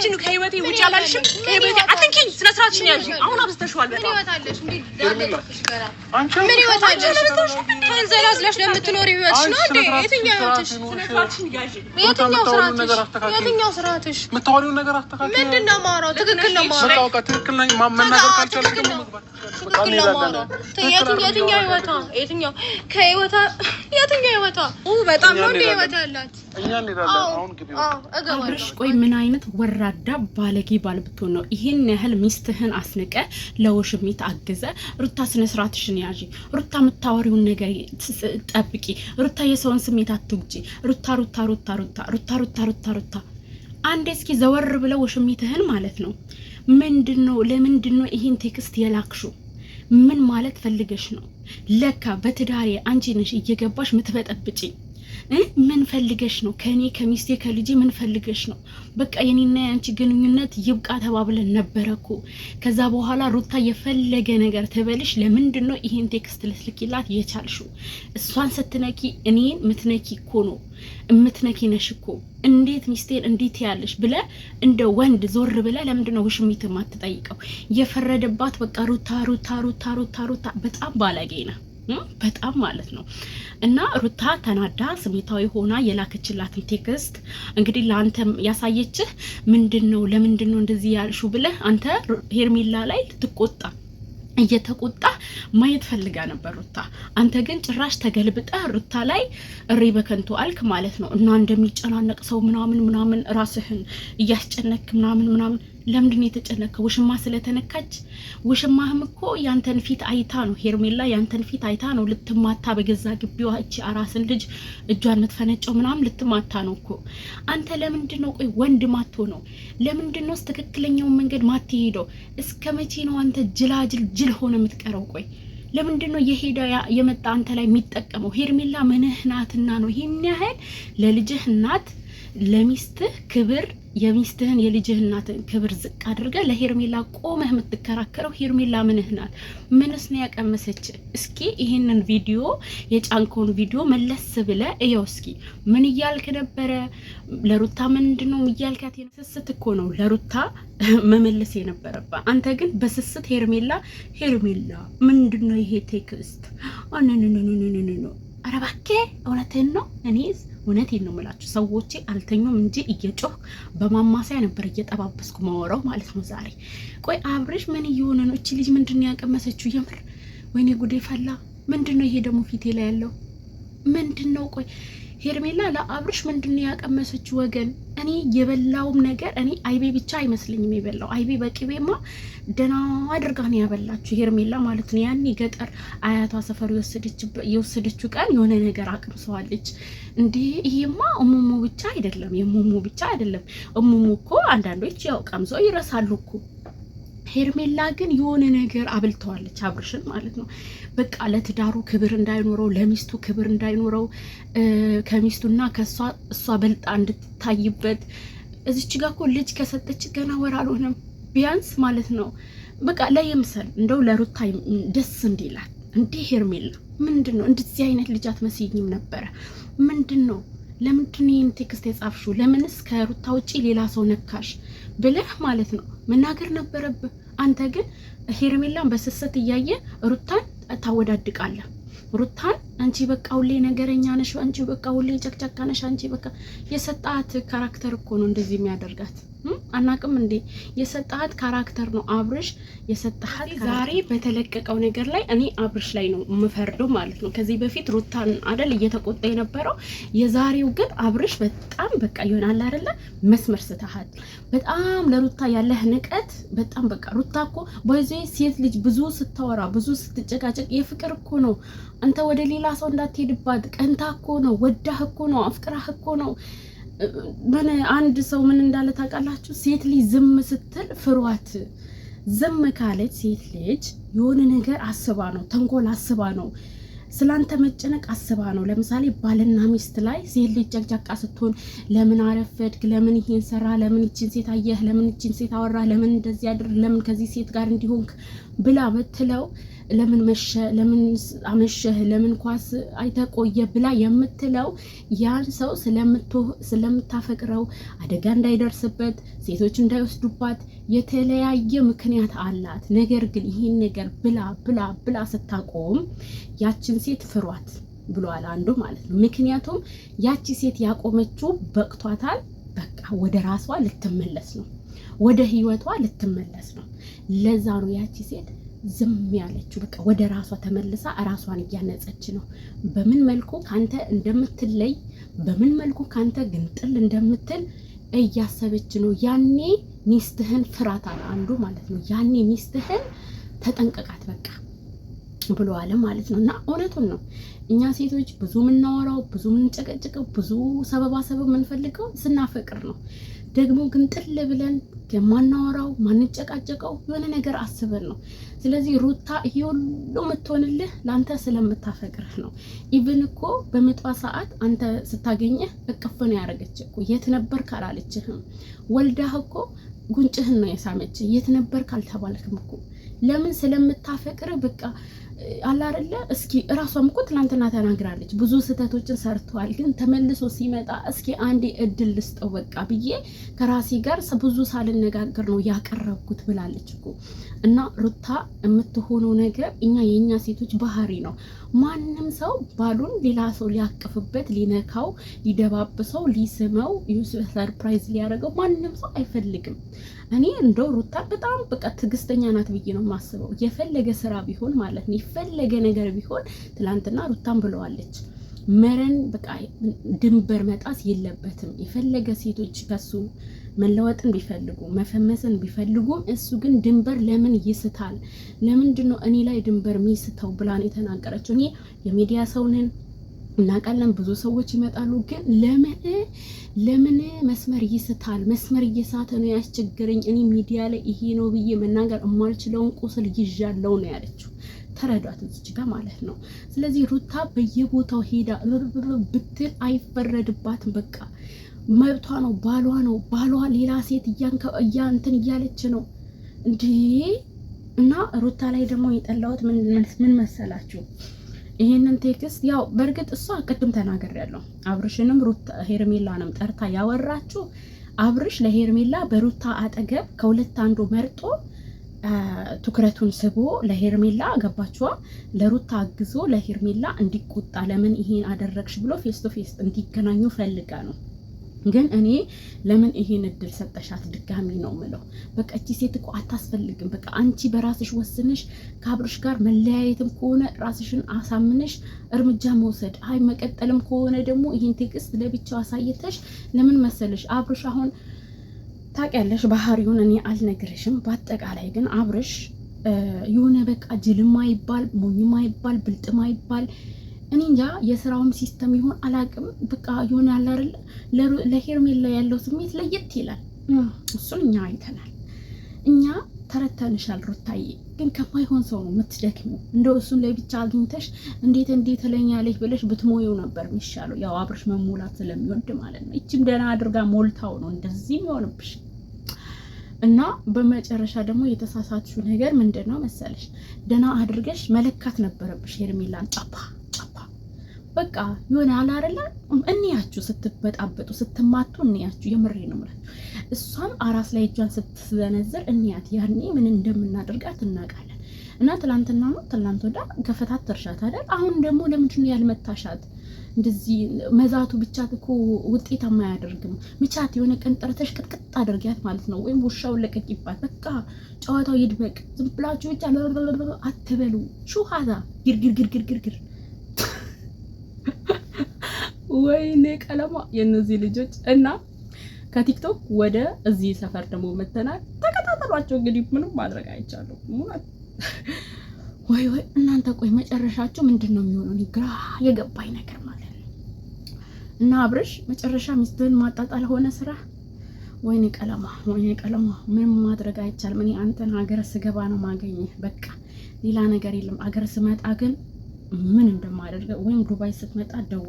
አንቺን ከህይወቴ ውጭ አላልሽም። ከህይወቴ አትንኪኝ። ስነ ስርዓትሽን ያዥ። አሁን አብዝተሽዋል በጣም። ምን ህይወት አለሽ? ተንዘላዝለሽ ለምትኖሪ ህይወትሽ ነው እንዴ? የትኛው ህይወትሽ? የትኛው ስርዓትሽ? የትኛው ስርዓትሽ? የምታወሪውን ነገር አስተካክል። ምንድን ነው የማወራው? ትክክል ነው የማወራው። ትክክል ነው መናገር ካልቻለሽ ደግሞ መግባት የትኛው ከህይወቷ የትኛው ህይወቷ በጣም ነው እንዴ ህይወት ያላት እኛ እንሄዳለን። አሁን ግቢ እገባለሁ። ቆይ ምን አይነት ወራ ተራዳ ባለጌ ባል ብትሆን ነው ይህን ያህል ሚስትህን አስንቀ ለውሽሚት አግዘ ሩታ ስነ ስርዓትሽን ያዥ። ሩታ የምታወሪውን ነገር ጠብቂ። ሩታ የሰውን ስሜት አትጉጂ። ሩታ ሩታ ሩታ ሩታ ሩታ ሩታ ሩታ ሩታ አንዴ እስኪ ዘወር ብለው ውሽሚትህን ማለት ነው ምንድን ነው ለምንድን ነው ይህን ቴክስት የላክሹ? ምን ማለት ፈልገሽ ነው? ለካ በትዳሬ አንቺ ነሽ እየገባሽ ምትበጠብጪ ምን ፈልገሽ ነው ከእኔ ከሚስቴ ከልጄ ምን ፈልገሽ ነው? በቃ የኔና የአንቺ ግንኙነት ይብቃ ተባብለን ነበረ እኮ። ከዛ በኋላ ሩታ የፈለገ ነገር ትበልሽ። ለምንድን ነው ይሄን ቴክስት ልትልኪላት የቻልሽው? እሷን ስትነኪ እኔ ምትነኪ እኮ ነው እምትነኪ ነሽ እኮ። እንዴት ሚስቴን እንዴት ያለሽ ብለ እንደ ወንድ ዞር ብለ ለምንድን ነው ውሽሚት የማትጠይቀው? የፈረደባት በቃ ሩታ ሩታ ሩታ ሩታ ሩታ በጣም ባለጌ ነው። በጣም ማለት ነው። እና ሩታ ተናዳ ስሜታዊ ሆና የላከችላትን ቴክስት እንግዲህ ለአንተ ያሳየችህ ምንድን ነው? ለምንድን ነው እንደዚህ ያልሹ ብለህ አንተ ሄርሜላ ላይ ትቆጣ እየተቆጣ ማየት ፈልጋ ነበር ሩታ። አንተ ግን ጭራሽ ተገልብጠ ሩታ ላይ እሪ በከንቱ አልክ ማለት ነው። እና እንደሚጨናነቅ ሰው ምናምን ምናምን ራስህን እያስጨነክ ምናምን ምናምን ለምንድን የተጨነከ ውሽማ ስለተነካች? ውሽማህም እኮ ያንተን ፊት አይታ ነው ሄርሜላ፣ ያንተን ፊት አይታ ነው ልትማታ በገዛ ግቢዋ እቺ አራስን ልጅ እጇን ምትፈነጨው ምናምን ልትማታ ነው እኮ። አንተ ለምንድን ነው ቆይ ወንድ ማቶ ነው? ለምንድን ነው ትክክለኛውን መንገድ ማትሄደው? እስከ መቼ ነው አንተ ጅላጅል ጅል ሆነ የምትቀረው? ቆይ ለምንድን ነው የሄደ የመጣ አንተ ላይ የሚጠቀመው? ሄርሜላ ምንህ ናትና ነው ይህን ያህል ለልጅህ እናት ለሚስትህ ክብር የሚስትህን የልጅህ እናትን ክብር ዝቅ አድርገህ ለሄርሜላ ቆመህ የምትከራከረው ሄርሜላ ምንህ ናት? ምንስ ነው ያቀመሰች? እስኪ ይህንን ቪዲዮ የጫንከውን ቪዲዮ መለስ ብለህ እየው እስኪ ምን እያልክ ነበረ? ለሩታ ምንድን ነው እያልካት? ስስት እኮ ነው ለሩታ መመለስ የነበረባት አንተ ግን በስስት ሄርሜላ ሄርሜላ ምንድን ነው ይሄ ቴክስት ነው ኧረ እባክህ እውነትህን ነው። እኔ እውነቴን ነው የምላችሁ ሰዎቼ አልተኙም እንጂ እየጮህ በማማሳያ ነበር እየጠባበስኩ ማወራው ማለት ነው። ዛሬ ቆይ አብሬሽ ምን እየሆነ ነው? እቺ ልጅ ምንድን ነው ያቀመሰችው? የምር ወይኔ ጉዴ ፈላ። ምንድን ነው ይሄ ደግሞ ፊቴ ላይ ያለው ምንድን ነው? ቆይ ሄርሜላ ለአብርሽ ምንድን ያቀመሰች? ወገን እኔ የበላውም ነገር እኔ አይቤ ብቻ አይመስለኝም የበላው አይቤ በቅቤማ ደና አድርጋ ነው ያበላችሁ ሄርሜላ ማለት ነው። ያኔ ገጠር አያቷ ሰፈር የወሰደችው ቀን የሆነ ነገር አቅምሰዋለች። እንዲህ ይሄማ እሙሙ ብቻ አይደለም የሙሙ ብቻ አይደለም እሙሙ እኮ አንዳንዶች ያው ቀምሰው ይረሳሉ እኮ ሄርሜላ ግን የሆነ ነገር አብልተዋለች፣ አብርሽን ማለት ነው። በቃ ለትዳሩ ክብር እንዳይኖረው፣ ለሚስቱ ክብር እንዳይኖረው ከሚስቱና ከእሷ እሷ በልጣ እንድትታይበት እዚች ጋ እኮ ልጅ ከሰጠች ገና ወር አልሆነም ቢያንስ ማለት ነው። በቃ ለየምሰል እንደው ለሩታ ደስ እንዲላት እንዲህ ሄርሜላ ምንድን ነው እንደዚህ አይነት ልጅ አትመስይኝም ነበረ ምንድን ነው ለምንድን ይህን ቴክስት የጻፍሽው? ለምንስ ከሩታ ውጪ ሌላ ሰው ነካሽ ብለህ ማለት ነው መናገር ነበረብህ። አንተ ግን ሄርሜላን በስስት እያየ ሩታን ታወዳድቃለህ ሩታን አንቺ በቃ ሁሌ ነገረኛ ነሽ፣ አንቺ በቃ ሁሌ ጨቅጨቃ ነሽ፣ አንቺ በቃ የሰጣት ካራክተር እኮ ነው እንደዚህ የሚያደርጋት። አናቅም እንዴ የሰጣት ካራክተር ነው አብርሽ የሰጣት። ዛሬ በተለቀቀው ነገር ላይ እኔ አብርሽ ላይ ነው የምፈርደው ማለት ነው። ከዚህ በፊት ሩታን አደል እየተቆጣ የነበረው የዛሬው ግን አብርሽ በጣም በቃ ይሆናል አደለ መስመር ስተሃል። በጣም ለሩታ ያለህ ንቀት በጣም በቃ ሩታ እኮ በዚህ ሴት ልጅ ብዙ ስታወራ ብዙ ስትጨቃጨቅ የፍቅር እኮ ነው አንተ ወደ ሌላ ሰው እንዳትሄድባት ቀንታ እኮ ነው፣ ወዳህ እኮ ነው፣ አፍቅራህ እኮ ነው። ምን አንድ ሰው ምን እንዳለ ታውቃላችሁ? ሴት ልጅ ዝም ስትል ፍሯት። ዝም ካለች ሴት ልጅ የሆነ ነገር አስባ ነው፣ ተንኮል አስባ ነው፣ ስላንተ መጨነቅ አስባ ነው። ለምሳሌ ባልና ሚስት ላይ ሴት ልጅ ጨቅጫቃ ስትሆን ለምን አረፈድክ፣ ለምን ይሄን ሰራ፣ ለምን ይችን ሴት አየህ፣ ለምን ይችን ሴት አወራህ፣ ለምን እንደዚህ አድር፣ ለምን ከዚህ ሴት ጋር እንዲሆንክ ብላ ብትለው ለምን መሸ፣ ለምን አመሸህ፣ ለምን ኳስ አይተቆየ ብላ የምትለው ያን ሰው ስለምታፈቅረው አደጋ እንዳይደርስበት፣ ሴቶች እንዳይወስዱባት የተለያየ ምክንያት አላት። ነገር ግን ይህን ነገር ብላ ብላ ብላ ስታቆም ያችን ሴት ፍሯት ብሏል አንዱ ማለት ነው። ምክንያቱም ያቺ ሴት ያቆመችው በቅቷታል። በቃ ወደ ራሷ ልትመለስ ነው፣ ወደ ህይወቷ ልትመለስ ነው። ለዛ ነው ያቺ ሴት ዝም ያለችው በቃ ወደ ራሷ ተመልሳ ራሷን እያነጸች ነው። በምን መልኩ ካንተ እንደምትለይ በምን መልኩ ካንተ ግንጥል እንደምትል እያሰበች ነው። ያኔ ሚስትህን ፍራት አለ አንዱ ማለት ነው። ያኔ ሚስትህን ተጠንቀቃት በቃ ብለዋል ማለት ነው። እና እውነቱን ነው። እኛ ሴቶች ብዙ የምናወራው ብዙ የምንጨቀጭቀው ብዙ ሰበባ ሰበብ የምንፈልገው ስናፈቅር ነው። ደግሞ ጥል ብለን የማናወራው ማንጨቃጨቀው የሆነ ነገር አስበን ነው። ስለዚህ ሩታ ይሄ ሁሉ የምትሆንልህ ለአንተ ስለምታፈቅርህ ነው። ኢቭን እኮ በምጧ ሰዓት አንተ ስታገኘህ እቅፍ ነው ያደረገች እኮ የት ነበር ካላለችህም ወልዳህ እኮ ጉንጭህን ነው የሳመች የት ነበር ካልተባልክም እኮ ለምን ስለምታፈቅርህ በቃ አላርለ እስኪ እራሷም እኮ ትላንትና ተናግራለች። ብዙ ስህተቶችን ሰርተዋል፣ ግን ተመልሶ ሲመጣ እስኪ አንዴ እድል ልስጠው በቃ ብዬ ከራሴ ጋር ብዙ ሳልነጋገር ነው ያቀረብኩት ብላለች እኮ እና ሩታ የምትሆነው ነገር እኛ የእኛ ሴቶች ባህሪ ነው። ማንም ሰው ባሉን ሌላ ሰው ሊያቅፍበት፣ ሊነካው፣ ሊደባብሰው፣ ሊስመው፣ ሰርፕራይዝ ሊያደርገው ማንም ሰው አይፈልግም። እኔ እንደው ሩታ በጣም በቃ ትዕግስተኛ ናት ብዬ ነው የማስበው። የፈለገ ስራ ቢሆን ማለት ነው የፈለገ ነገር ቢሆን ትላንትና ሩታም ብለዋለች መረን በቃ ድንበር መጣስ የለበትም። የፈለገ ሴቶች ከሱ መለወጥን ቢፈልጉ መፈመስን ቢፈልጉም እሱ ግን ድንበር ለምን ይስታል? ለምንድን ነው እኔ ላይ ድንበር ሚስተው ብላን የተናገረችው። እኔ የሚዲያ ሰው ነን ብዙ ሰዎች ይመጣሉ። ግን ለምን ለምን መስመር ይስታል? መስመር እየሳተ ነው ያስቸገረኝ። እኔ ሚዲያ ላይ ይሄ ነው ብዬ መናገር የማልችለውን ቁስል ይዣለው ነው ያለችው። ተረዷት እዚች ማለት ነው። ስለዚህ ሩታ በየቦታው ሄዳ ብትል አይፈረድባትም። በቃ መብቷ ነው፣ ባሏ ነው። ባሏ ሌላ ሴት እያንትን እያለች ነው እንዲ እና ሩታ ላይ ደግሞ የጠላሁት ምን መሰላችሁ? ይህንን ቴክስት ያው በእርግጥ እሷ ቅድም ያለው አብርሽንም ሄርሜላንም ጠርታ ያወራችሁ አብርሽ ለሄርሜላ በሩታ አጠገብ ከሁለት አንዱ መርጦ ትኩረቱን ስቦ ለሄርሜላ ገባችዋ ለሩታ አግዞ ለሄርሜላ እንዲቆጣ ለምን ይሄን አደረግሽ ብሎ ፌስ ቱ ፌስ እንዲገናኙ ፈልገ ነው። ግን እኔ ለምን ይሄን እድል ሰጠሻት ድጋሚ ነው ምለው። በቃ እቺ ሴት እኮ አታስፈልግም። በቃ አንቺ በራስሽ ወስንሽ ከአብርሽ ጋር መለያየትም ከሆነ ራስሽን አሳምነሽ እርምጃ መውሰድ፣ አይ መቀጠልም ከሆነ ደግሞ ይህን ቴክስት ለብቻው አሳይተሽ ለምን መሰለሽ አብርሽ አሁን ታውቂያለሽ ባህሪውን እኔ አልነግርሽም። በአጠቃላይ ግን አብርሽ የሆነ በቃ ጅልማ ይባል ሞኝማ ይባል ብልጥማ ይባል እኔ እንጃ የስራውም ሲስተም ይሆን አላውቅም። በቃ የሆነ ያለ አይደለ ለሄርሜላ ያለው ስሜት ለየት ይላል። እሱን እኛ አይተናል እኛ ተረተንሻል። ሩታዬ ግን ከማይሆን ሰው ነው የምትደክሚው። እንደ እሱን ላይ ብቻ አግኝተሽ እንዴት እንዴት ለኛለች ብለሽ ብትሞየው ነበር የሚሻለው። ያው አብርሽ መሞላት ስለሚወድ ማለት ነው። ይችም ደህና አድርጋ ሞልታው ነው እንደዚህ የሚሆንብሽ። እና በመጨረሻ ደግሞ የተሳሳችው ነገር ምንድን ነው መሰለሽ? ደህና አድርገሽ መለካት ነበረብሽ ሄርሜላን ጫባ በቃ የሆነ አለ አይደለ እንያችሁ ስትበጣበጡ ስትማቱ እንያችሁ። የምሬ ነው የምላችሁ። እሷም አራስ ላይ እጇን ስትዘነዝር እንያት። ያኔ ምን እንደምናደርጋት እናውቃለን። እና ትላንትና ነው ትላንት ወዳ ከፈታት ተርሻት አይደል? አሁን ደግሞ ለምንድን ነው ያልመታሻት? እንደዚህ መዛቱ ብቻ እኮ ውጤታማ አያደርግም። ምቻት የሆነ ቀን ጠርተሽ ቅጥቅጥ አድርጊያት ማለት ነው፣ ወይም ውሻውን ለቀቂባት። በቃ ጨዋታው ይድበቅ። ዝም ብላችሁ ብቻ አትበሉ። ሹሃዛ ግርግርግርግርግር ወይኔ ቀለማ የእነዚህ ልጆች እና ከቲክቶክ ወደ እዚህ ሰፈር ደግሞ መተናል። ተከታተሏቸው እንግዲህ ምንም ማድረግ አይቻልም። ወይ ወይ እናንተ ቆይ መጨረሻቸው ምንድን ነው የሚሆነው? ግራ የገባኝ ነገር ማለት ነው። እና አብርሽ መጨረሻ ሚስትህን ማጣጣል ሆነ ስራ። ወይኔ ቀለማ ወይኔ ቀለማ ምንም ማድረግ አይቻልም። እኔ አንተን ሀገር ስገባ ነው ማገኘህ። በቃ ሌላ ነገር የለም። አገር ስመጣ ግን ምን እንደማደርገ ወይም ዱባይ ስትመጣ ደው